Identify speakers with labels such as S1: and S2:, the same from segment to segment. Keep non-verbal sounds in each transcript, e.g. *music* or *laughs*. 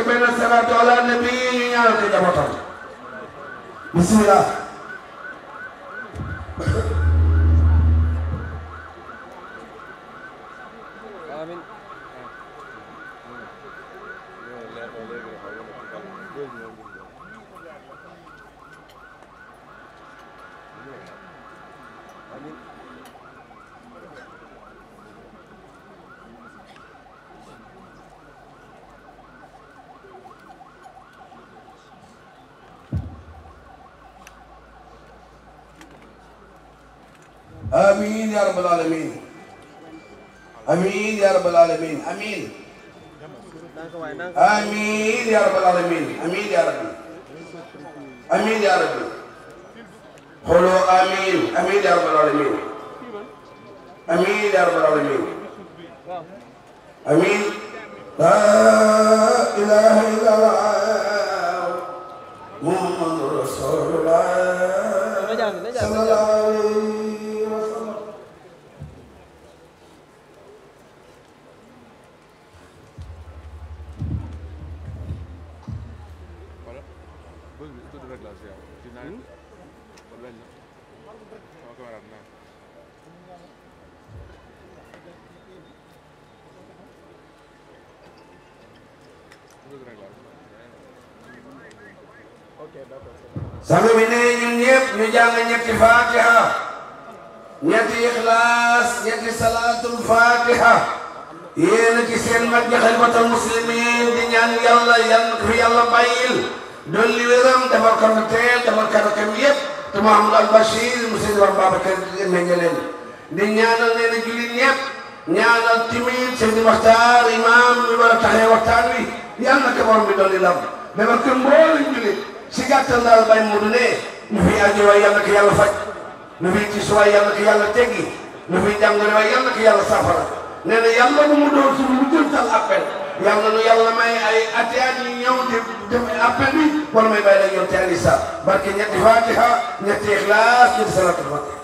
S1: ci benn salaatu ala nabi ñu ñaanal ko jabatam bismillah rabbal alamin amin ya rabbal alamin amin amin ya rabbal alamin amin ya rabbi amin ya rabbi xooloo amin amin ya rabbal alamin amin ya rabbal alamin amin la ilaha
S2: bës bi tuuti rek laa si yàlla. ci naaj
S1: ixlaas ñetti salaatul fatiha yéen a ci seen mag ñi xalifatul muslimin di ñaan yàlla yàlla fi yàlla bàyyil dolli wéram defar ko na teel defar karakam yëpp te Mouhamadou Al Bachir mu seen war Babacar meññe leen di ñaanal nee na jullit ñëpp timit seen di imaam mi war a taxee waxtaan wi yal na ko borom bi dolli lam dafa kër mboolem jullit si gàttal daal bay mu ne ñu fi aajo waay yal na faj ñu fi tiis waay yal na ko teggi ñu fi jàngoro waay yal na ko yàlla nee na yàlla bu mu doon suñu lu jël tal appel yàlla nu yàlla may ay ati at yi ñëw di def bi wala may bàyyi la yow teel a isaar barke ñetti fatiha ñetti ixlaas ñetti salaatul fatiha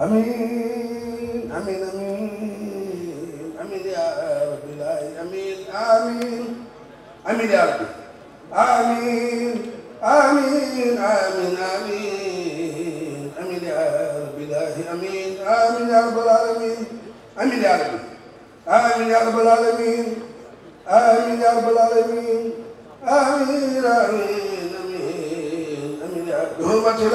S1: آمين آمين آمين آمين يا رب العالمين آمين آمين آمين يا رب آمين آمين آمين آمين آمين يا رب العالمين آمين آمين يا رب العالمين آمين يا رب آمين يا رب العالمين آمين يا رب العالمين آمين آمين آمين آمين يا رب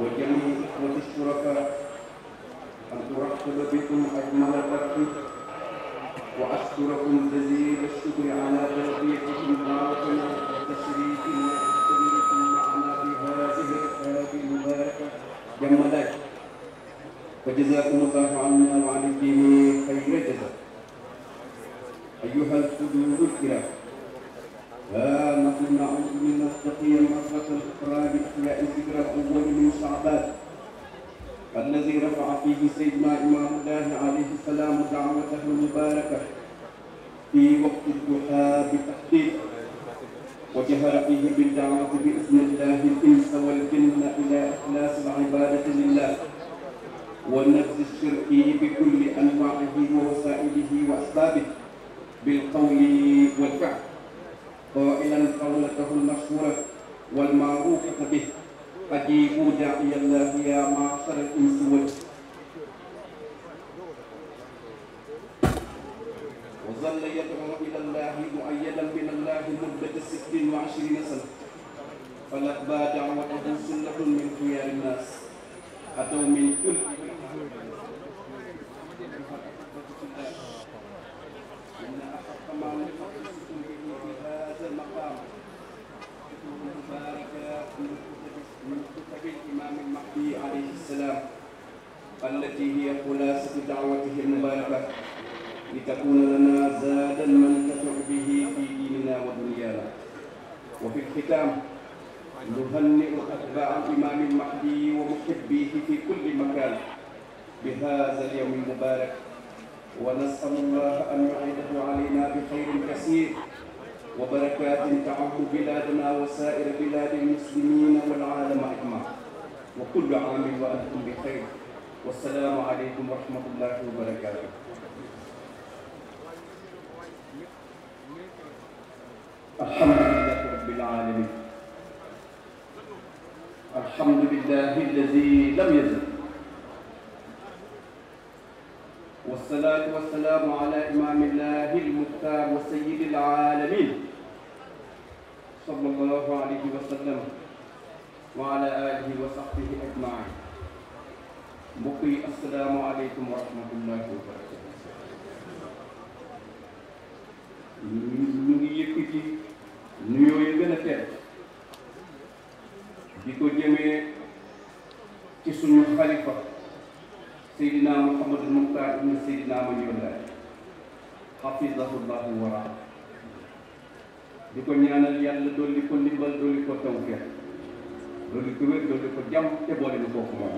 S3: وجميع إخوة الشركاء أن ترحب بكم
S1: أجمل الرحب وأشكركم جزيل الشكر على توفيقكم دعوتنا وتشريفنا وتكريمكم معنا في هذه الحياة المباركة
S3: جم ذلك وجزاكم الله عنا وعن الدين خير جزاء أيها الحضور الكرام واجعلنا من المتقين مفرة الأخرى لإحياء الذكرى الأول من شعبان الذي رفع فيه سيدنا إمام الله عليه السلام دعوته المباركة في وقت الضحى بالتحديد وجهر فيه بالدعوة بإذن الله الإنس والجن إلى إخلاص العبادة لله والنفس الشركي بكل أنواعه ووسائله وأسبابه بالقول والفعل قائلا قولته المشهورة والمعروفة به أجيبوا داعي الله يا معشر الإنس والجن وظل يدعو إلى الله مؤيدا من الله مدة ست وعشرين سنة فلبى دعوته سنة من خيار الناس أتوا من كل إن أحق ما التي هي خلاصة دعوته المباركة لتكون لنا زادا ننتفع به في ديننا ودنيانا وفي الختام نهنئ أتباع الإمام المهدي ومحبيه في كل مكان بهذا اليوم المبارك ونسأل الله أن يعيده علينا بخير كثير وبركات تعم بلادنا وسائر بلاد المسلمين والعالم أجمع وكل عام وأنتم بخير wassalaamu aleykum wa rahmatullahi wa barakaatu alhamdulillahi rabbil alamin alhamdulillahi alladi lam yazal والصلاة والسلام على إمام الله المختار وسيد العالمين صلى الله عليه وسلم وعلى آله وصحبه أجمعين mbokk yi asalaamaaleykum wa rahmatullahi wa barakatu ñu ngi yëkkati nuyoo yi gën a teel di ko jëmee ci suñu xalifa Seydina Mouhamadou Mokhtar ibn Seydina Mamadou Laye hafizahullahu wa rahmatulah di ko ñaanal yàlla dolli ko ndimbal dolli ko tawfeex dolli ko wér ko jàmm te boole ñu kooku moom.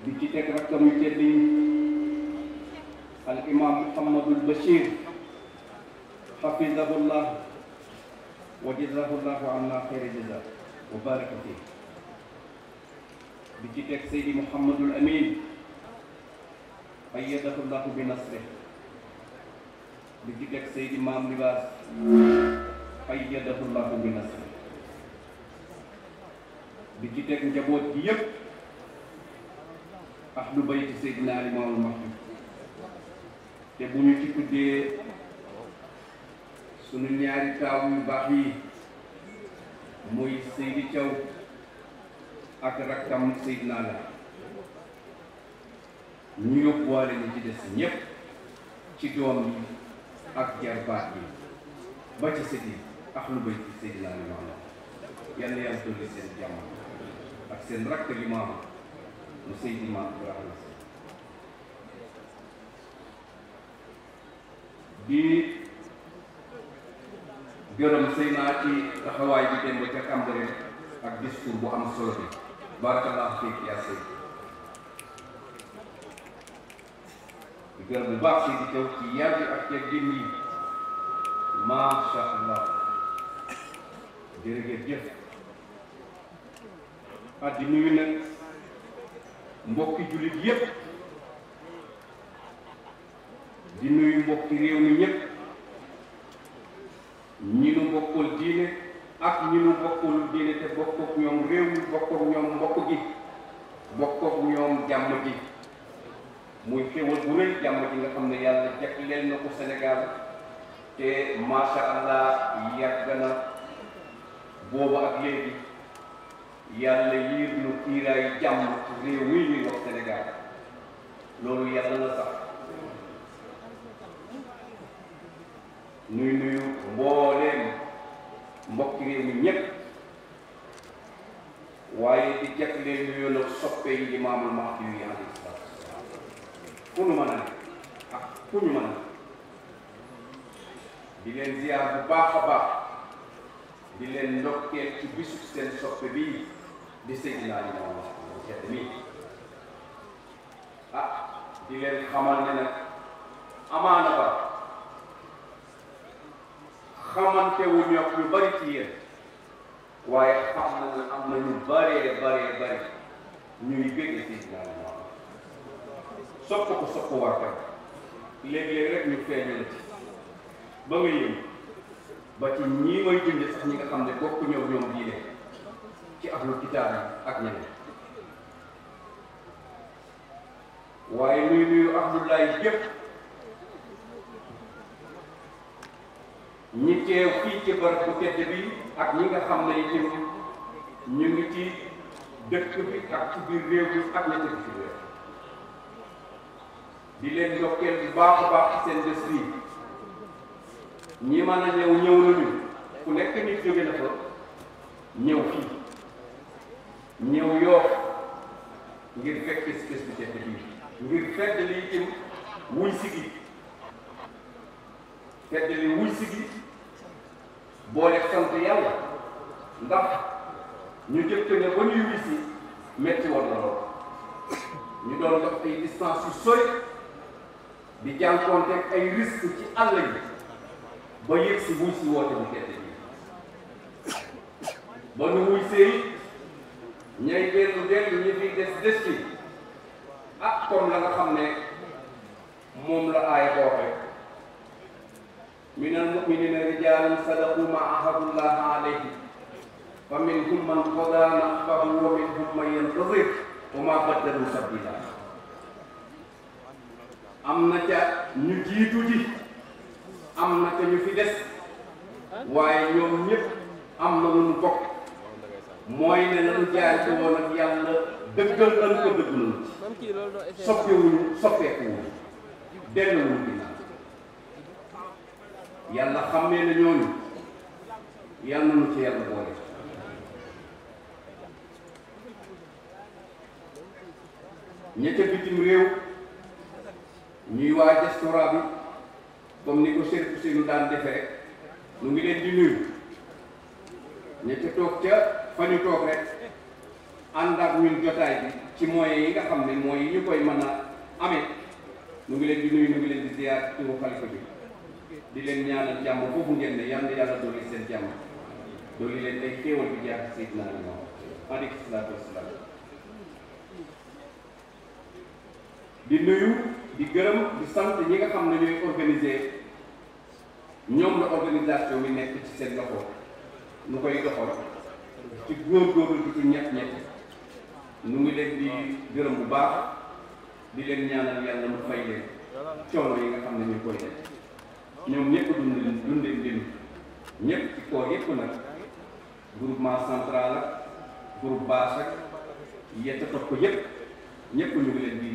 S3: di ci teg rakkam yu tedd yi al imam Muhammadul Bachir xafidahullah wa jazahullahu anna xayra jaza wa baraka fi di ci teg Seydi Muhammadul Amin ayyadahullahu bi nasrih di ci teg Seydi Maam Libaas ayyadahullahu bi nasrih di ci teg njaboot gi yëpp ahlu bayti Seydina Ali Maodo Mbacar te bu ñu ci tuddee sunu ñaari taaw yu baax yi muy Seydi Thiaw ak rakkam Seydina la ñu yóbbuwaale ñu ci des ñépp ci doom yi ak jarbaat yi ba ci sët yi ahlu bayti Seydina Ali seen jàmm ak seen rakk bi maama mu Seydi Maam Ibrahima Sy di gërëm sëy naa ci taxawaay bi démb ca Cambérène ak discours bu am bi barakallahu fiik yaa sëy di gërëm bu baax si di teew ci yar ak ceeb jëm yi macha allah jërëjëf ah di nuyu nag mbokki jullit yépp di mbokki réew mi ñépp ñi nu bokkul diine ak ñi nu bokkul diine te bokk ak ñoom réew mi bokk gi bokk ak ñoom jàmm muy xéwal bu rëy jàmm ji nga xam ne yàlla jagleel na ko Sénégal te macha allah yàgg na booba ak léegi yàlla yiir nu kiiraayu jàmm réew mi ñuy wax Sénégal loolu yàlla na sax nuy nuyu mbooleem mbokki réew mi ñépp waaye di jagleel ñu yoon ak soppe yi di maamul Mahdi yi alayhi salaatu wasalaam ku nu mën a ne ak ku ñu mën a ne di leen ziar bu baax a baax di leen ndokkeel ci bisu seen soppe bii di sëñ laa ñu moom mu tedd mi di leen xamal ne amaana ba xamante wu ñokk yu bari ci waaye xam na ne am na ñu baree baree bari ñuy bëgg sëñ laa ñu moom sopp ko sopp war ka léeg-léeg rek ñu feeñal ci ba nga yëngu ba ci ñii may junj sax ñi nga xam ne bokku ñëw ñoom diine ci ahlul kitaab yi ak ñeneen waaye muy nuyu Abdoulaye yëpp ñi teew fii ci barab bu tedd bi ak ñi nga xam ne itam ñu ngi ci dëkk bi ak ci biir réew bi ak ña tëdd ci réew di leen baax a ñi mën a ñëw ñëw nañu ku nekk nit jóge na fa ñëw fii ñëw yoo ngir fekk bés bu tedd bii ngir fedd li itam wuy sigi fedd li wuy sigi boole sant yàlla ndax ñu jëkk ne ba ñuy wisi metti woon na lool ñu doon dox ay distance yu sori di jànkoonte ay risque ci àll yi ba yëg si wuy si woote bu tedd bii ba ñu wuy see ñay dellu dellu ñu des des ci ak comme la nga xam ne moom la aay booxe min almuminina rijalun sadaqu ma ahadullah alayhi fa minhum man qada nahbahu wa minhum man yantazir wa ma baddalu tabdila am na ca ñu jiitu ji am na ca ñu fi des waaye ñoom ñëpp am na lu bokk mooy ne la ñu jaar ci woon ak yàlla dëggal lan ko dëggal ci soppewuñu soppeekuwuñu delluwuñu ginnaaw yàlla xam ne ne ñooñu yàlla nañu yàlla boole ña bitim réew ñuy waa diaspora bi comme ni ko Cheikh Ousseynou daan defe rek nu ngi leen di nuyu ña toog ca fa ñu toog rek ànd jotaay bi ci moyens yi nga xam ne mooy yi ñu koy mën a amee ñu ngi leen di nuyu ñu ngi leen di ziar turu xalifa bi di leen ñaanal jàmm foofu ngeen ne yal na yàlla dolli seen jàmm dolli leen ay xéewal bi jaar Seydina Limaamu aleyhi salaatu wasalaam di nuyu di gërëm di sant ñi nga xam ne ñooy organiser ñoom la organisation bi nekk ci seen loxo nu koy doxal. ci góorgóorlu bi ci ñett ñett ñu ngi leen di gërëm bu baax bi leen ñaanal yàlla mu fay leen coono yi nga xam ne ñu koy def ñoom ñëpp dundee dundee leen ñëpp ci koo yëpp nag groupement central ak groupe baax ak yett topp ko yëpp ñëpp ñu leen di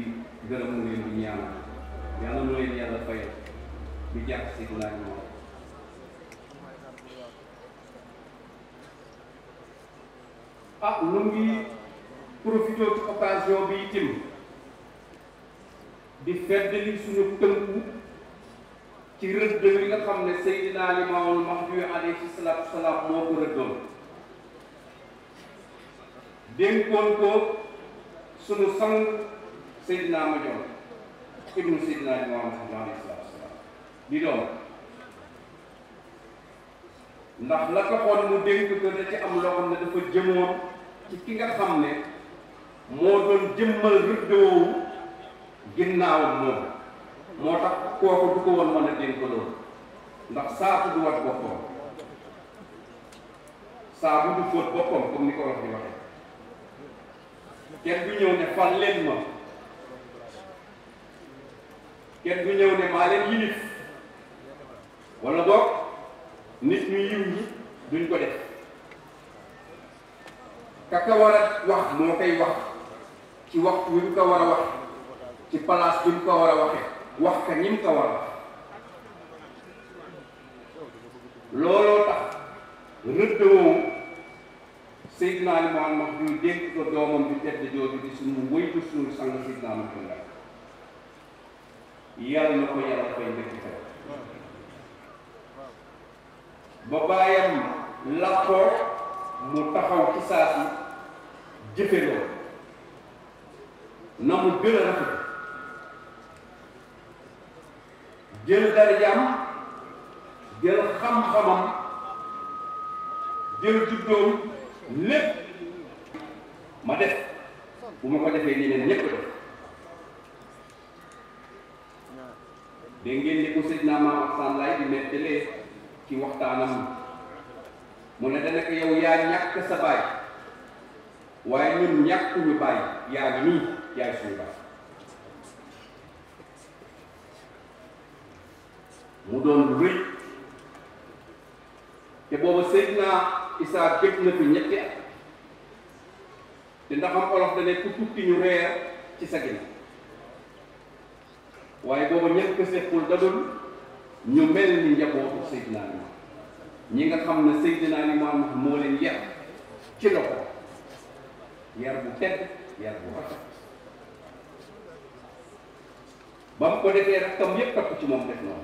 S3: gërëm mu leen di ñaanal yàlla mu leen yàlla fayal di jàpp si laaj moom. ah lu ngi profité ci occasion bi itam di feddali suñu tënku ci rëdd wi nga xam ne Seydina Limaamul Mahdi alayhi salaatu salaam moo ko rëddoon dénkoon ko sunu sang Seydina Majoor ibnu Seydina Limaamul Mahdi alayhi salaatu salaam di doon ndax la ko mu dénk ko da ci am loo xam ne dafa jëmoon ci ki nga xam ne moo doon jëmmal rëdd woowu moom moo tax kooku du ko woon mën a dénk loolu ndax saabu du wat boppam saabu du fóot boppam comme ni ko wax di waxee kenn du ñëw ne fal ma kenn du ñëw ne maa leen yilif wala boog nit ñu yiw ñi duñ ko def ka ka war a wax moo koy wax ci waxtu wi mu ko war a wax ci place bi mu ko war a waxee wax ka ni mu ko war a looloo tax rëdd woowu Seydina Limaamu Mahdi dénk ko doomam bi tedd jooju di suñu wëytu suñu sang Seydina Muhammad yàlla na ko yàlla koy ndëkk ka ba bàyyam làqoo mu taxaw ci saa si jëfee loolu nombre bi la rafet jël darajam jël xam-xamam jël juddoom lépp ma def bu ma ko defee ñeneen ñëpp def dégg ngeen ne ko sëñ naa ma san lay di nettalee ci waxtaanam mu ne danaka yow yaa ñàkk sa waaye ñun ñàkk ñu bàyyi yaa ngi nii yaay suñu bàyyi mu doon lu rëy te booba Seydina Isaa bépp na fi ñetti te ndax am olof dane ku tukki ñu reer ci sa ginnaaw waaye booba ñett ko sequl da doon ñu mel ni njabootu Seydina Limaamu ñi nga xam ne Seydina Limaamu moo leen yar ci loxo yar bu teg yar bu rafet ba mu ko defee rakkam yépp takku ci moom def noonu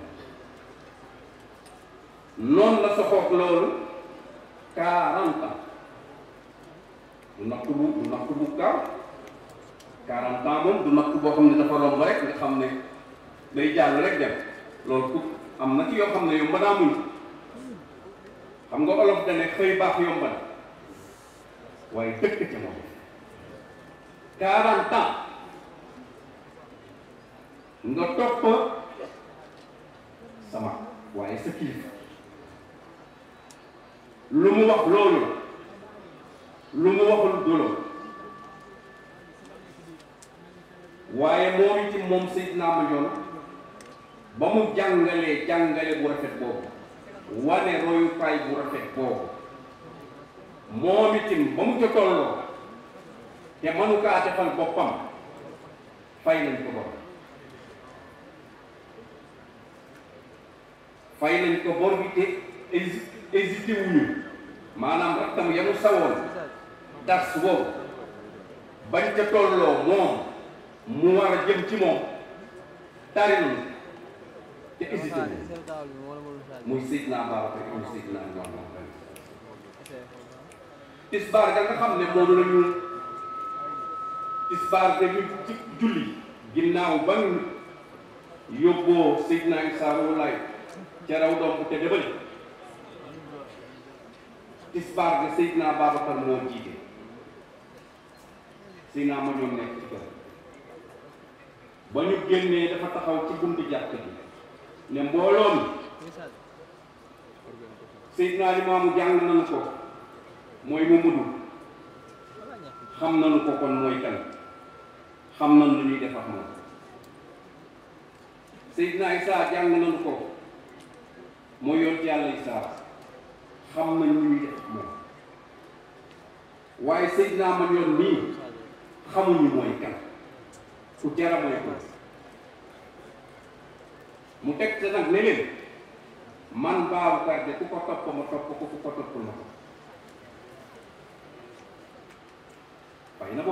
S3: noonu la soxoog loolu quarante ans du natt bu du natt bu gaaw quarante moom du natt boo xam ne nga xam day jàll rek dem loolu ku am na yoo xam ne yomb naa muñ xam nga olof da ne xëy baax yomb waaye dëkk ci moom
S1: quarante ans
S3: nga topp sama waaye sa lu mu wax loolu lu mu waxul du waaye moom itam moom Seydina Mandione ba mu jàngalee jàngale bu rafet boobu wane royukaay bu rafet boobu moom itam ba mu ca tolloo te mënu kaa defal boppam fay nañ ko bor fay nañ ko bor bi te hésité wuñu maanaam rakkam yanu sawoon dars woowu bañ ca tolloo moom mu war a jëm ci moom tarinu te hésité wuñu muy Seydina Babacar muy Seydina Omar tisbaar ga nga xam ne moom la ñu tisbaar dañu ci julli ginnaaw ba ñu yóbboo Seydina Issa Rouhou Laye ca raw doom te tisbaar ga Seydina Babacar moo jiite Seydina ma ñoom nekk ci kër ba ñu génnee dafa taxaw ci buntu bi ne mbooloo mi Seydina jàng nañu ko mooy mu mudu xam nañu ko kon mooy kan xam nañ lu ñuy def ak moom Seydina Isaa jàng nañu ko moo yor yàlla Isaa xam nañ ñuy def moom waaye Seydina man yoon nii xamuñu mooy kan ku jara ko mu teg te nag ne leen man Babacar de ku ko topp ma topp ko ku ko topp ma ko waaye na ko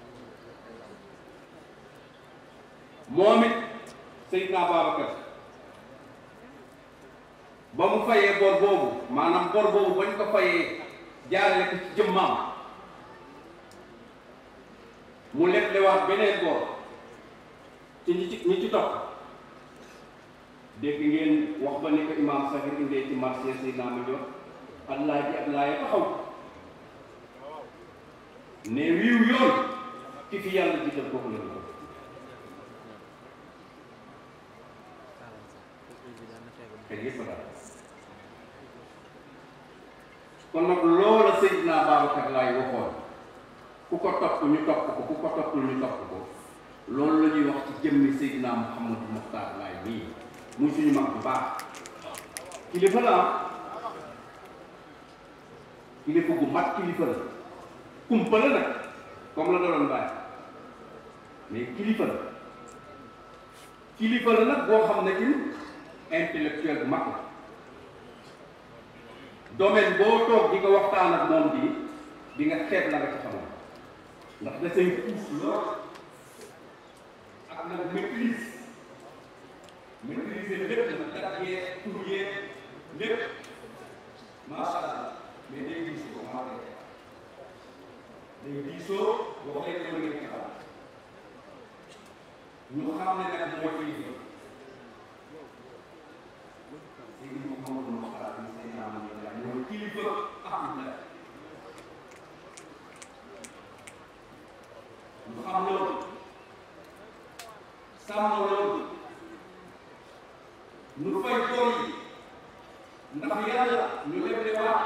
S3: moom it Seydina Babacar ba mu fayee bor boobu maanaam bor boobu bañ ko fayee jaarale ko ci jëmmaam mu leblewaat beneen bor ci ñi ci ñi ci topp dégg ngeen wax ba ni ko imaam Sahir indee ci marché Seydina ma jox ak laaj ji ak ne wiiw yoon ki fi yàlla jiital kooku la
S1: te yëpp dara kon nag loola
S3: Laay waxoon ku ko topp ñu topp ko ku ko toppul ñu topp ko loolu la wax ci jëmmi Seydina Mouhamadou Mokhtar Laay nii muy suñu mag bu baax kilifa la kilifa gu mat kilifa la kumpa nag comme la doon bàyyi mais kilifa la kilifa la nag boo xam ne in intellectuel bu mag la di nga waxtaan ak moom bi di nga xeeb la nga ci xamoon ndax da say puus lool ak nag maîtrise maîtriser lépp nag date yee tur yee lépp macha allah mais day diis ko maa ngi day diisoo boo xëy na ñu xam ne léegi ñu ko moom moo xalaat ñu seen naa moom la mooy kilifa xam la ñu xam loolu sàmm loolu ñu fay tool yi ndax yàlla ñu leen di waat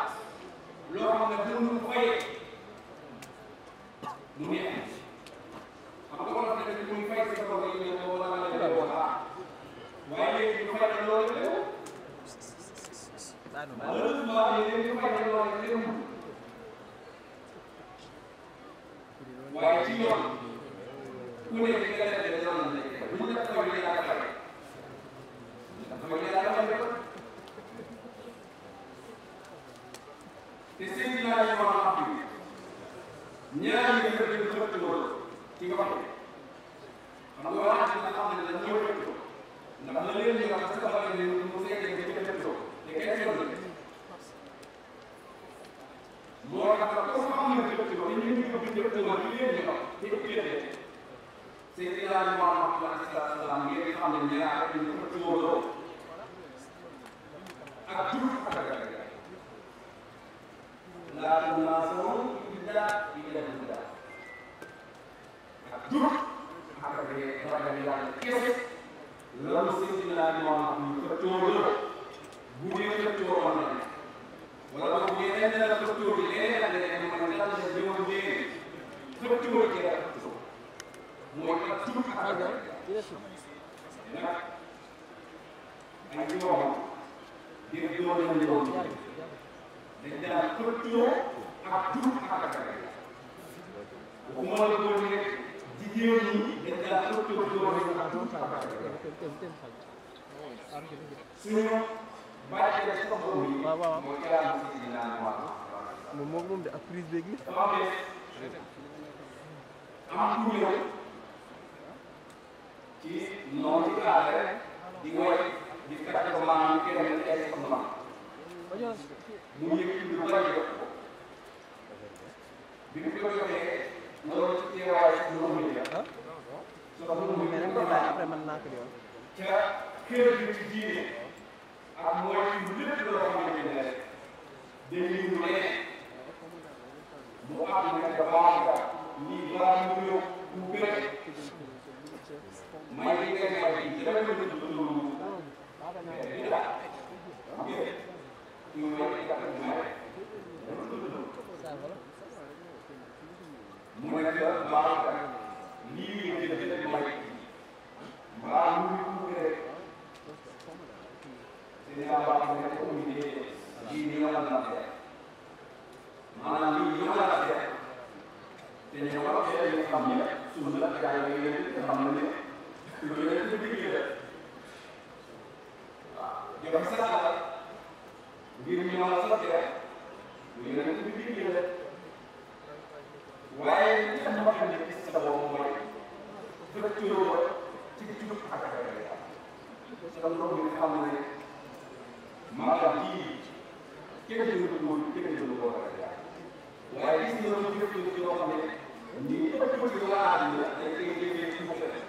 S3: suñu bàyyi la ci sa borom yi. waaw waaw mooy gàllankoor bi di naan waaw. moom moom moom de ak prise beeg yi. dafa am des
S1: am tuuti rek
S3: ci noonu ci classe rek di woy di fekk ko maanaam kenn ay xam-xam mu yëkkati lu bëri jox
S1: ko bi mu ko joxee loolu ci teewaay ci kon mu beneen débat après mën naa ko di wax.
S3: ca kër gi ci diine ak mooy lépp loo xamante ne rek dañuy mu ne
S1: mu am nag baax nga nii balaa mu ñëw
S3: mu bëri may li nga xam ne dara nga dund loolu mais dara xam nga ñu may tax ñu may dara dund
S1: loolu mu ne la baax nga lii li gën a mooy mbaa lu ñu tudd rek dinaa wax ne comité lii li war na def maanaam
S3: lii li war a def te ñu war a def ñu xam ne suñu la jaay yi ngeen xam ne lu leen di digg def waaw jox sa xalaat ngir ñu mën a sotti rek lu leen di digg def
S1: waaye li nga xamante ne ci sa bopp mooy
S3: ci ba ci yow ci ci jub ak ak loolu nga xam ne maanaam kii yëkkati na ko moom yëkkati na ko
S2: waaye gis nga ñoom
S3: ñu yëkkati na ko yoo xam ne nii ëpp ci waa ay ay ay ay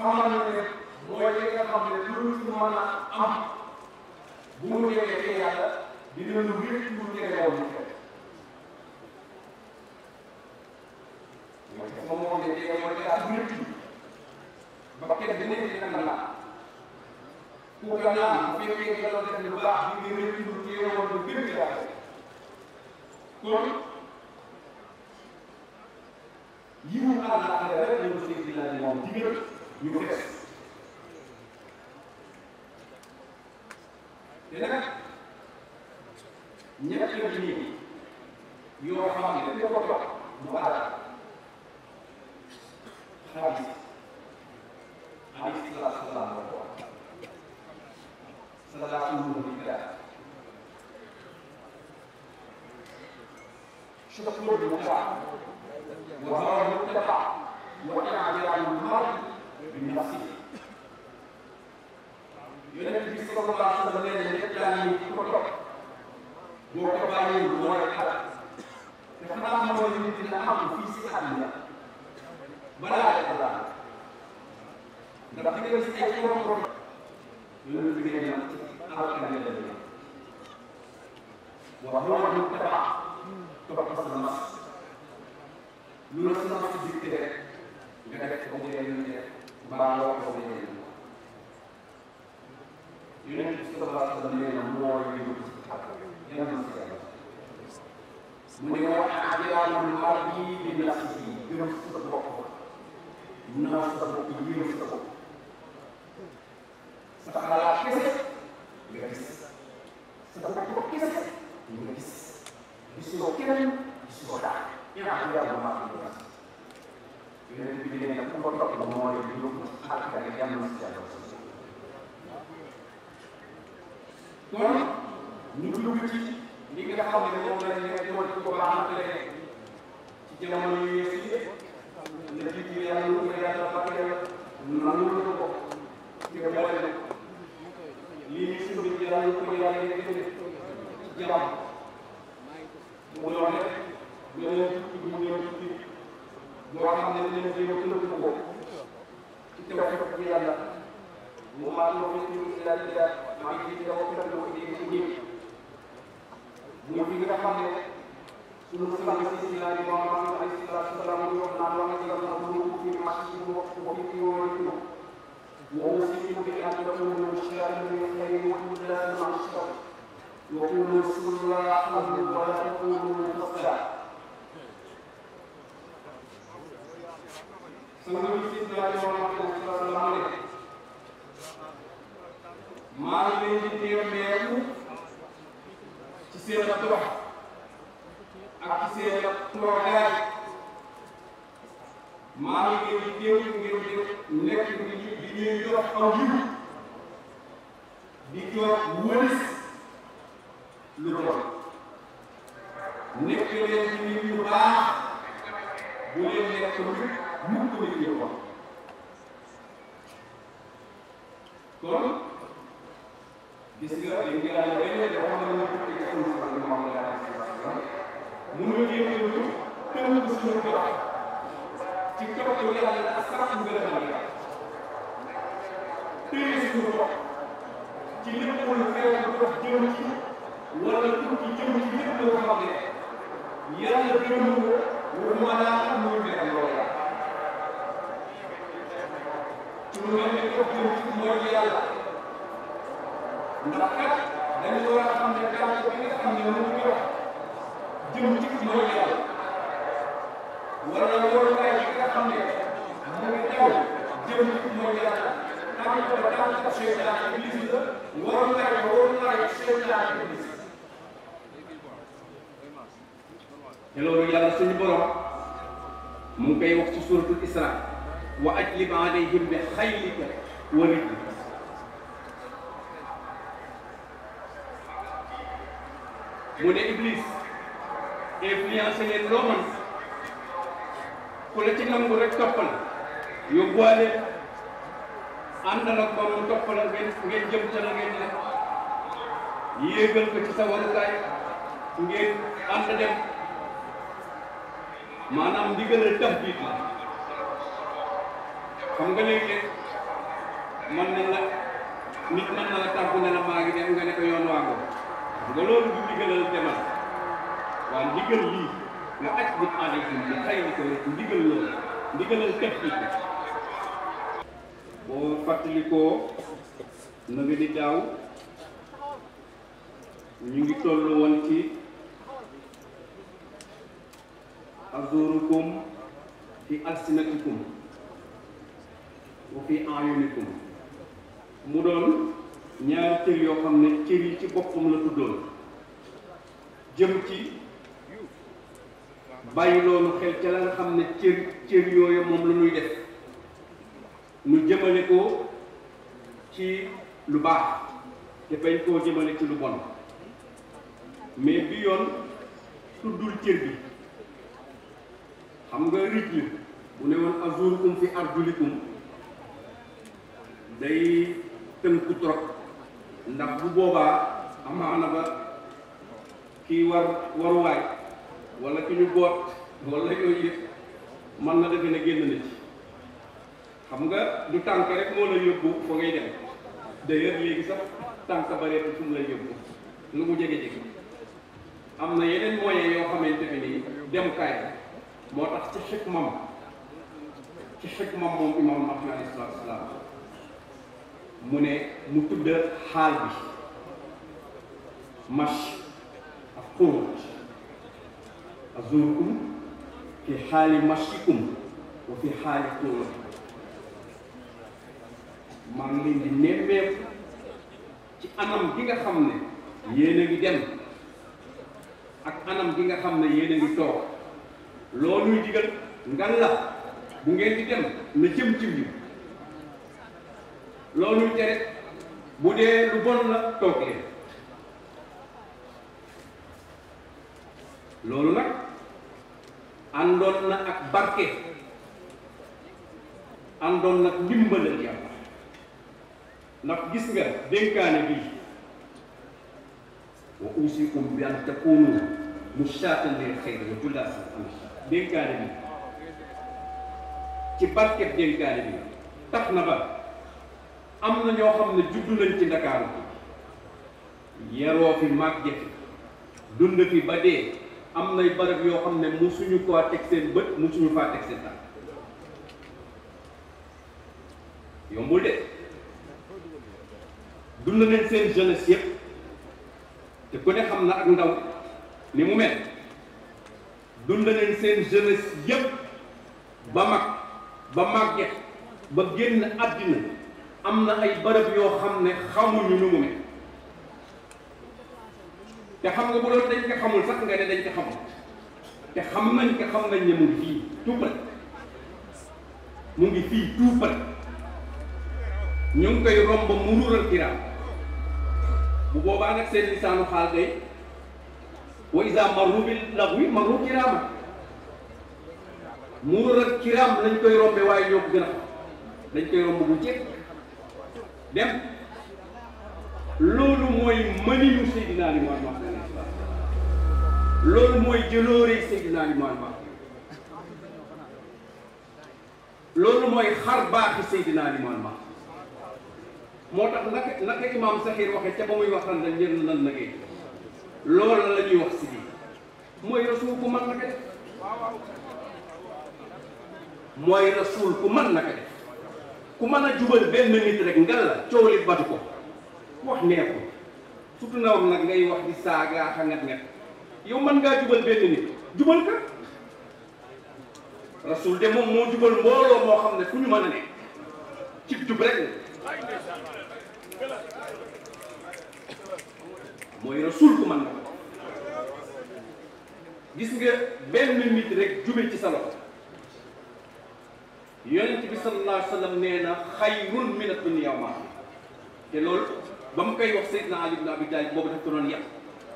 S3: xamal na ne mooy li nga xam ne lu ñu mën a am bu mu jegee ci yàlla dinañu wér mu jege woon ñu fekk mooy sama moom de jege mooy saa bu nekk ba kenn di nekk dina la ku gannaaw bu fekkee yàlla def lu baax bi nga wér mu jege woon lu gën ci yàlla kon yiwu àll àll rek lañu sëy di laaj moom digal ñu ko def te nag ñett yëpp nii yoo xam ne dañ ko jox mu baax xaalis xaalis la salaam la ko wax salaatu mu daal شكر المتعة وهو المتبع وإن عبد المرء ñu wax yonent bi sallallahu alayhi wa sallam nee na ñëpp daal ñu ci ko topp boo ko bàyyee lu war a xalaat te xanaa mooy nit dina am fii si àdduna balaa def balaa ndax di nga si ay borom yonent bi nee na alkane la def waaw loolu ñu tabax topp sa nas lu la sa nas dicté rek nga def ko mu yee ñu def mbaa nga wax ko leneen yonent bi sallallahu alayhi wa sallam nee na moo yóbbu ci xàq yéen a si yàlla mu ne wax ajraalul mar'i bi nafsihi gërëm sa bopp naa sa bopp yërëm sa bopp
S1: sa xalaat kese
S3: nga gis sa bopp kese nga gis gisoo keneen gisoo daal yaa ngi yàlla maa ngi yonent bi nee na ku ko topp mooy lu alkane yàlla na si yàlla kon ñu dugg ci li nga xam ne moom la nekk moo di ko baaxante ci jamono yu yees yi na jiitu yàlla lu ko yàlla barkeel nangul ko
S1: ci ko boole nag
S3: lii ñu suñu yàlla lu ko yàlla nekk ci jàmm mu doon rek ñu ñëw ñu ñëw yoo xam ne dinañ fi ñëw ci lu ko ci tawfiq bi yàlla mu maa ngi wax ñu ci laaj daal maa ngi ci daw ak ko di ci ñëw mu fi nga xam ne sunu sang si si laaj boo xam ne ay salaatu salaam ñu wax naan wax ci yàlla mu ñu ci màcc ci mu wax ko ci yoon ci ñu ووصيكم بأنكم شر خير لا معشر وقولوا بسم الله ولا تقولوا بالصلاة
S1: sëñ bi Seydina Limaamu Laay sallallahu alayhi maa ngi leen di teewleeku
S3: ci seen dox ak ci seen toogaay maa ngi leen di teewlu ngir nekk di ñuy jox aw yiw di jox wëlis lu bon nekk leen ci nit ñu baax bu leen nekk lu mukk ko di wax kon gis nga dañu gën a benn dafa am lu ñu teg suñu si wàllu moom la mënoo yëngu lu tënk suñu ko ci kaw yow yàlla ak sax ñu gën a mën a téye suñu bopp ci lépp lu feebar dox jëm ci wala tukki jëm ci lépp loo xam ne yàlla gën a mën a mën a am muy mel loolu lu mel ni képp mooy yàlla ndax kat dañu war a xam ne kàlla bi nga xam ne moom la wax jëm ci mooy yàlla wala loolu kay bi nga xam ne mu ngi daw jëm ci mooy yàlla tànn ko tànn ko seytaan iblis la waru lay waru lay seytaan iblis te loolu yàlla suñu borom mu ngi koy wax ci suuratul Isra wa ajlib alayhim bi xaylika wa rijlika mu ne Iblis influencé leen loo mën ku la ci nangu rek toppal yóbbuwaale àndal ak moom mu toppal ngeen ngeen jëm ca ngeen ne yéegal ko ci sa warukaay ngeen ànd dem maanaam ndigal la tax biit la. xam nga léeg-léeg nit mën na la tàggu la maa ngi dem nga ne ko yoon waa ko nga loolu du ndigalal demal waaw ndigal lii nga aj bi xëy ni ko ndigal loolu ndigalal bi boo fàttalikoo na ñu ngi toll woon ci azurukum fi alsinatikum wa fi ayunikum mu doon ñaari cër yoo xam ne cër yi ci boppam la tuddoon jëm ci bàyyi loolu xel ca la xam ne cër yooyu moom la ñuy def ñu jëmale ko ci lu baax te bañ koo jëmale ci lu bon mais bi yoon tuddul cër bi xam nga rij la mu ne woon azurukum fi arjulikum day tënku trop ndax bu boobaa amaana ba kii war waruwaay wala ki ñu boot wala yooyu yëpp mën na defe ne génn na ci xam nga du tànk rek moo la yóbbu fa ngay dem d'ailleurs léegi sax tànk bareetu fu mu lay yóbbu lu mu jege-jege am na yeneen moyen yoo xam ne nii dem kaay moo tax ci xikmam ci xikmam moom imam Ahmad alayhi salaatu wa salaam mu ne mu tudd xaal bi mash ak xuruj azurukum fi xaali mashikum wa fi xaali xuruj maa ngi leen di nemmeeku ci anam gi nga xam ne yéen ngi dem ak anam gi nga xam ne yéen a ngi toog loolu digal ngan la bu ngeen di dem na jëm ci bi loolu tere bu dee lu bon la toog loolu nag àndoon na ak barke àndoon nag ndimbalal yàlla ndax gis nga dénkaane bi wa usikum bi an takunu mushatan lil xayr wa tullaasi dénkaane bi ci barke dénkaane bi tax na ba am na ñoo xam ne juddu nañ ci Ndakaaru yeroo fi màgge fi dund fi ba dee am nay barab yoo xam ne musuñu ko teg seen bët musuñu faa teg seen tànk yombul de dund nañ seen jeunesse yëpp te ku xam na ak ndaw ni mu mel dund nañ seen jeunesse yëpp ba mag ba màgget ba génn àddina am na ay bërëb yoo xam ne xamuñu nu mu ne te xam nga bu doon dañ ko xamul sax nga ne dañ ko xamul te xam nañ ko xam nañ ne mu ngi fii tout mu ngi fii tout ñu ngi koy romb mu ruural Iran bu boobaa nag seen lisaanu xaal day wa isa marru bil lagwi marru mu ruural kiraam lañ koy rombe waaye ñoo ko gën romb bu jekk dem loolu mooy mëniñu Seydina Limaamu Laay loolu mooy jëloore Seydina Limaamu Laay loolu mooy xar baaxi Seydina Limaamu Laay moo tax naka naka imaam Saxiir waxe ca ba muy waxtaan dañ njër lan la loolu la wax si bi mooy rasuul ku mën naka def mooy rasuul ku mën naka def ku mën a jubal benn nit rek nga la coow li batu ko wax nee ko surtout na wax nag ngay wax di saaga xangat net yow man ngaa jubal benn nit jubal ka rasul de moom moo jubal mbooloo moo xam ne fu ñu mën a ne cib jub rek mooy rasul ku mën na gis nga benn nit rek jube ci sa loxo yonent bi sallallahu alayhi wa sallam nee na xayrun min ad-dunya wa te loolu ba mu koy wax Seydina Ali ibn Abi Talib boobu daf ko doon yàq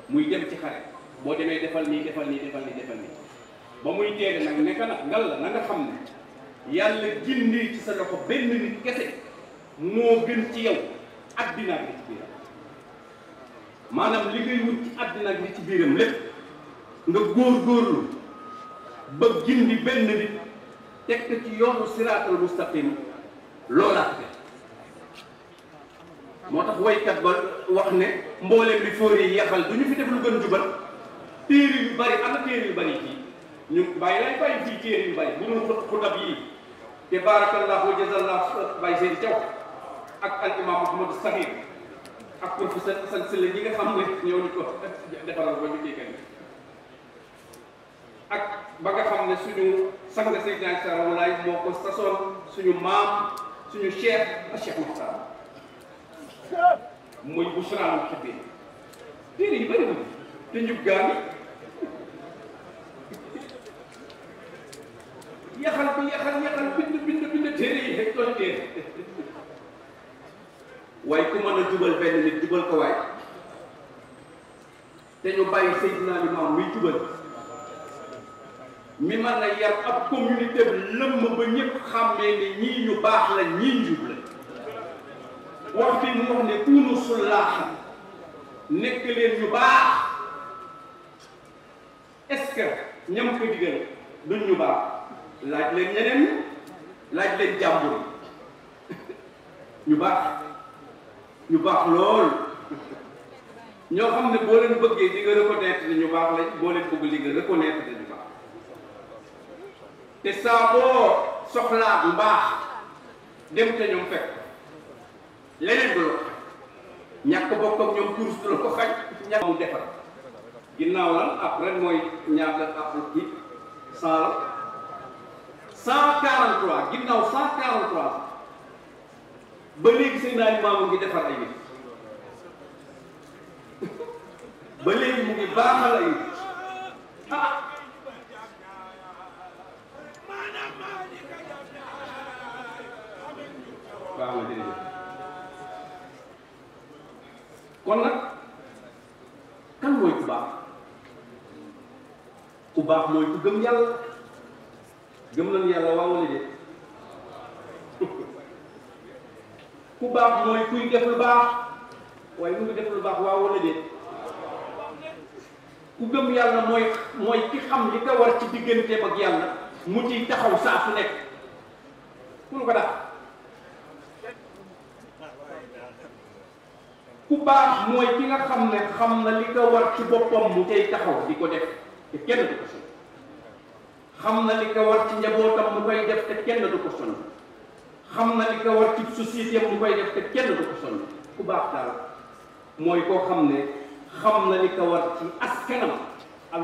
S3: muy dem ci xare boo demee defal nii defal nii defal nii defal nii ba muy teede nag nekk na ngal la na nga xam ne yàlla jindi ci sa loxo benn nit kese moo gën ci yow addina bi ci biiram maanaam li ngay wut ci addina bi ci biiram lépp nga góor góorlu ba jindi benn nit teg ko ci yoonu siraatal mustaqim loolaa ko moo tax waykat ba wax ne mboolem li fóori yi yàqal du ñu fi def lu gën jubal téere yu bari am na téere yu bari fii ñu bàyyi lay bàyyi fii téere yu bari bu ñu xudab yii te barakallahu wa jazallahu bàyyi seen ak al imam ahmadu sahir ak professeur Assane Sylla ñi nga xam ne ñoo ñu ko defaral ba ñu kii ak ba nga xam ne suñu sang Seydina Isa Rawlaay moo ko sasoon suñu maam suñu cheikh ak cheikh Muxtaar muy Busraanul Xabiir téere yu bëri na te njub gaa bi yaxal yaxal bind bind bind téere yi rek doon téere waaye ku mën a jubal benn nit jubal ko waay te ñu bàyyi Seydina Limaam muy jubal mi mën a yar ab communauté bi lëmm ba ñëpp xàmmee ne ñii ñu baax la ñii njub la wax bi mu wax ne kuunu sullaaxan nekk leen ñu baax est-ce que ñam ko digal duñ ñu baax laaj leen ñeneen laaj leen jàmbur *laughs* ñu baax ñu baax lool ñoo xam ne boo leen bëggee di nga reconnaître ñu baax lañ boo leen bëgg li nga reconnaître te saa boo soxlaa mbaax dem te ñoom fekk leneen du la ko ñàkk bokk ak ñoom course du la ko xaj ñàkk mu defar ginnaaw lan après mooy ñaata après ci cent la cent quarante trois ginnaaw cent quarante trois ba léegi seen naa maamu ngi defar ay nit ba léegi mu ngi baaxal ay nit ah baax na kon nag kan mooy ku baax ku baax mooy ku gëm yàlla gëm nañu yàlla waaw wala déet *laughs* ku baax mooy kuy def lu baax waaye mu ngi def lu baax waaw wala déet ku gëm yàlla mooy mooy ki xam li ko war ci digganteem ak yàlla mu ciy taxaw saa su nekk ku ko daal. ku baax mooy ki nga xam ne xam na li nga war ci boppam mu tey taxaw di ko def te kenn du ko sonal xam na li nga war ci njabootam mu koy def te kenn du ko sonal xam na li nga war ci société mu koy def te kenn du ko sonal ku baax daal mooy koo xam ne xam na li nga ci askanam al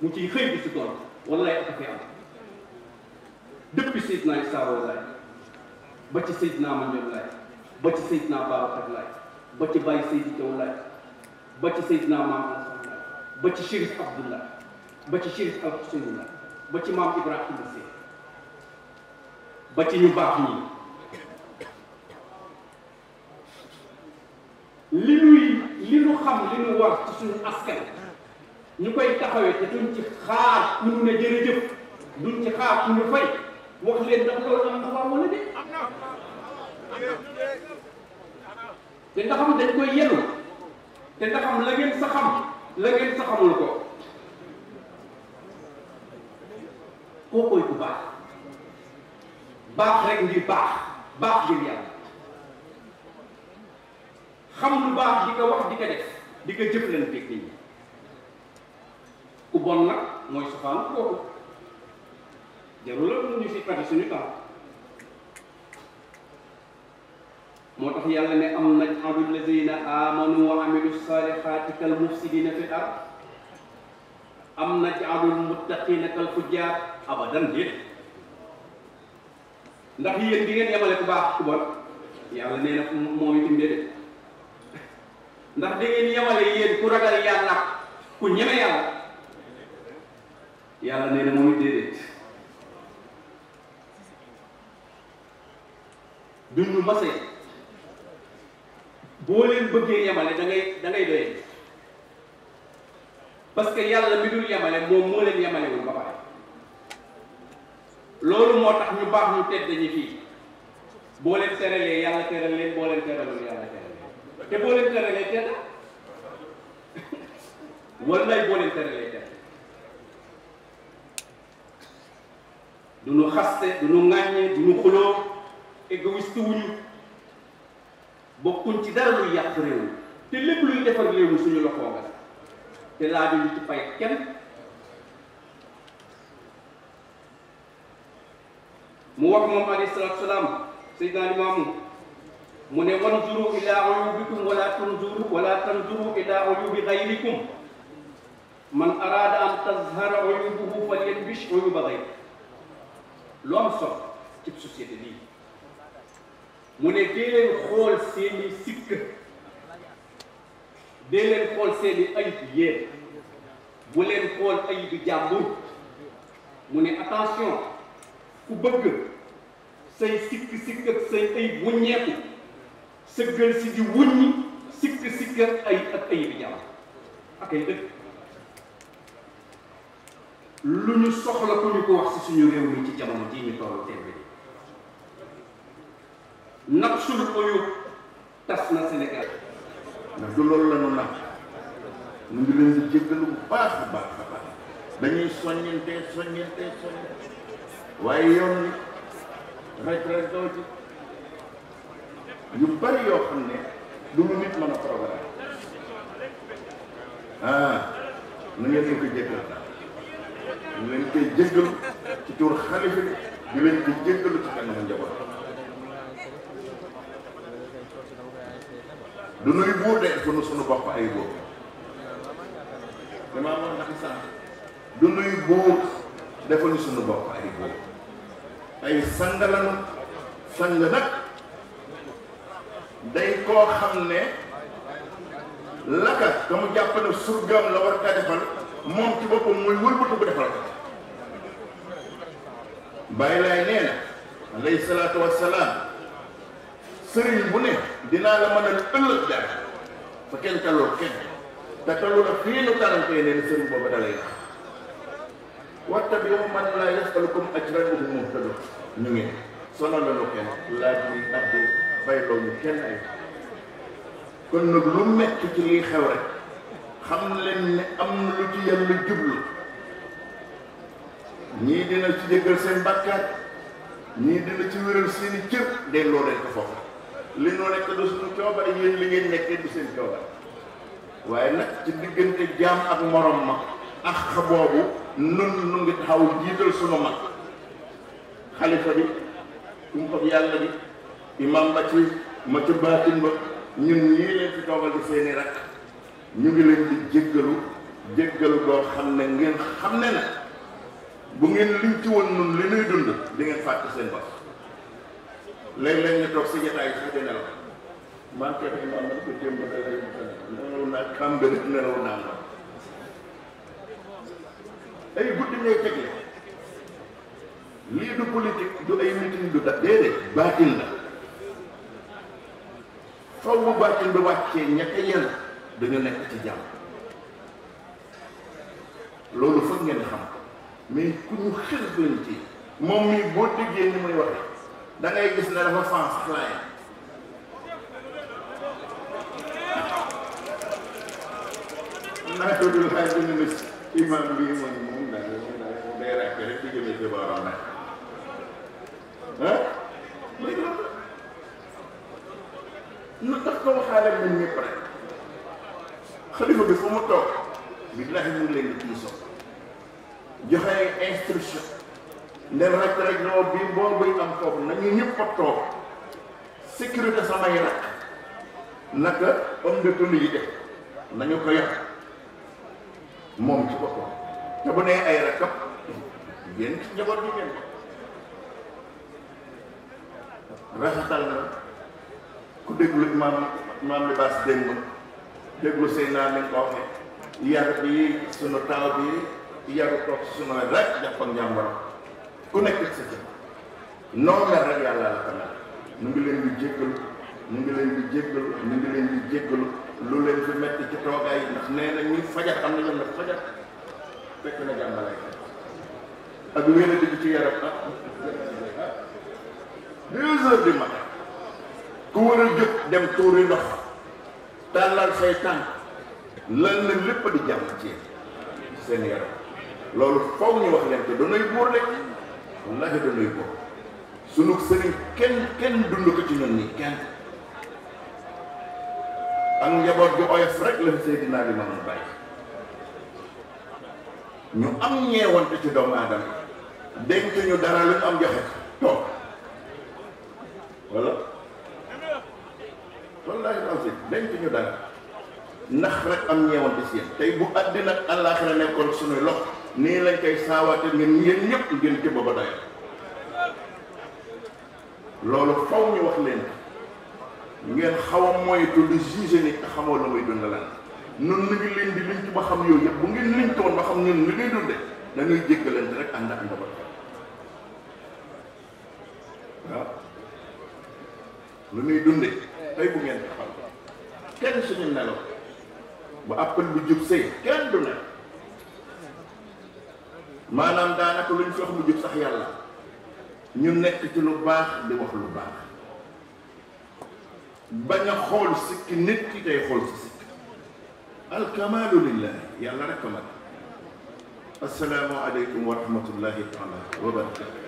S3: mu ci xëy bi si tool wallaay ak affaire am depuis Seydina Issa Laye ba ci Seydina Mandione Laye ba ci Seydina Babacar Laye ba ci Baye Seydi Jawlaay ba ci Seydina Maam Alhamdulilah ba ci Chérif Abdoullah ba ci Chérif Al ba ci Maam Ibrahima Sey ba ci ñu baax ñi li ñuy li ñu xam li ñu war ci suñu askan ñu koy taxawee te duñ ci xaar ñu ñu fay wax leen ndax loolu am na wala de. te nga xam dañ koy yenu te nga xam la sa xam la ngeen sa xamul ko kookoy ku baax baax rek ngir baax baax ngir yàlla xam lu baax di ko wax di ko def di ko jëflante nit ñi ku bon nag mooy soxaanu kooku jarul la ñu fi perte suñu temps moo tax yàlla ne am naj abul lazina amanu wa amilu salihati kal mufsidina fi ard am naj abul muttaqina kal fujjar abadan déet ndax yéen di ngeen yemale ku baax ku bon yàlla nee na moom itam déedéet ndax da ngeen yemale yéen ku ragal yàlla ku ñeme yàlla yàlla nee na moom it déedéet duñu mase boo leen bëggee yemale da ngay da ngay que yàlla mi dul yemale moom moo leen yemalewul ba pare loolu moo tax ñu baax ñu tedd ñi fii boo leen teralee yàlla teral leen boo leen teralul yàlla leen te boo leen teralee tedd *laughs* wallaay boo leen teralee tedd du ñu xaste du ñu ŋàññe du ñu xuloo égoïste wuñu bokkuñ ci dara luy yàq réew mi te lépp luy defar réew mi suñu loxoo nga te laajuñu ci fay kenn mu wax moom alayhi salaatu salaam Seydina Limaamu mu ne wanzuru ilaa uyubikum wala tunzuru wala tanzuru ilaa uyubi gayrikum man araada an tazhara uyubuhu falyanbish uyuba gayrihi lu am solo ci société bii mu ne dee leen xool seeni sikk dee leen xool seeni ayib yéen bu leen xool ayibu jàmbur mu ne attention ku bëgg say sikk sikk ak say ayib wuññeeku sëggal si di wuññi sikk sikk ak ayib ak ayibu jàmbur ak ay dëkk lu ñu soxla ku ñu ko wax si suñu réew mi ci jamono jii ñu toll tey nafsul uyub tas na Sénégal ndax du loolu la ñu nag
S2: mu ngi leen di jéggalu bu baax baax baax dañuy soññante soññante soññante waaye yoon wi rek doo ci yu bari yoo xam ne du lu nit ah, ci tur xalifa njaboot du nuy buur de fu nu sunu bopp ay buur du nuy buur defuñu sunu bopp ay buur ay sang lanu sang nag day koo xam ne laka ka mu jàpp ne surgaam la war ka defal moom ci boppam muy wëlbatu bu defal ko laay nee na alayhi salaatu wassalaam sëriñ bu ne dinaa la mën a ëllëg dara ba kenn taloo kenn te taloo la fii nu talantee neen sëriñ boobu dalay wax waxta bi yow man laa yasalukum ajran wa hum muhtadun ñu ngi solo la kenn laaj bi addi bay loo kenn ay kon nag lu metti ci liy xew rek xam leen ne am na lu ci yàlla jublu ñii dina ci jéggal seen bàkkaar ñii dina ci wéral seeni cër delloo leen ko foofu li noo nekk du suñu coobare yéen li ngeen nekkee du seen coobare waaye nag ci diggante jaam ak morom ma ak boobu nun nu ngi taxaw jiital sunu mag xalifa bi yàlla imam ba ci ma ca baatin ba ñun ñii leen ci toogal di seeni rak ñu ngi leen di jéggalu jéggalu boo xam ne ngeen xam ne nag bu ngeen liñ ci woon nun li nuy dund di ngeen fàtte seen bopp léeg-léeg ñu toog si jotaay sax di nelaw man kay tey man nelaw naa kàmbale nelaw naa la ay guddi ngay tegle lii du politique du ay meeting du da déedéet baatil la faw bu baatil bi wàccee ñett yenn dañu nekk ci jàmm loolu foog ngeen xam mais ku ñu xel lañ ci moom mii boo déggee ni may waxee da ngay gis ne dafa fans xalaay naka dul xay bi ne imam bi man moom daal day ràkk rek di jëmee ci baaram rek ah na tax ko waxaale nañ ñëpp rek xalifa bi fu mu toog billahi mu ngi leen di kii joxe instruction leen rek rek loo bi mbool buy am foofu nañu ñëpp a toog sécurité samay rak naka homme de tenue yi def nañu ko yàq moom ci ko rafetal na ku déglu maam maam li baas démb déglu seen naa ni nga ko bi sunu taal bi yaru toog sunu rek jàpp ak ku nekk ci sa noonu la rek yàlla la ko ngi leen di jéggalu ñu ngi leen di jéggalu ñu ngi leen di jéggalu lu leen fi metti ci toogaay ndax nee na ñuy fajar am na ñoom nag fajar fekk na jàmbalee ak wér dëgg ci yaram ah deux heures du matin ku war a jóg dem tuuri ndox tàllal say tànk lan la lépp di jàmm ci seen yaram loolu foog ñu wax leen te danay buur de wallahi dañuy bokk sunu sëriñ kenn kenn dund ko ci ñun ñi kenn ak njaboot bi oyof rek la fi Seydina bi mënoon bàyyi ñu am ñeewante ci doomu aadama dénk ñu dara lu am joxe toog walla wallahi lancé dénk ñu dara ndax rek am ñeewante si yéen tey bu àddina ak àllaaxira nekkoon suñuy lox nii lañ koy saawaate ngeen yéen ñëpp ngeen jëba ba day loolu faw ñu wax leen ngeen xaw a moytu di juge ni te xamoo la muy dund lan nun ñu ngi leen di liñ ba xam yooyu yëpp bu ngeen liñ ba xam ñun li ngay dunde dañuy jéggalante rek ànd ànd ba waaw lu nuy dunde tey bu ngeen taxaw kenn suñu nelaw bu appel bu jub sëy kenn du maanaam daanaka luñ fi wax mu jub sax yàlla ñu nekk ci lu baax di wax lu baax bañ a xool sikki nit ki tey xool si sikki alkamaalu lillahi yàlla rek a mat assalaamu aleykum wa rahmatullahi taala wa barakatu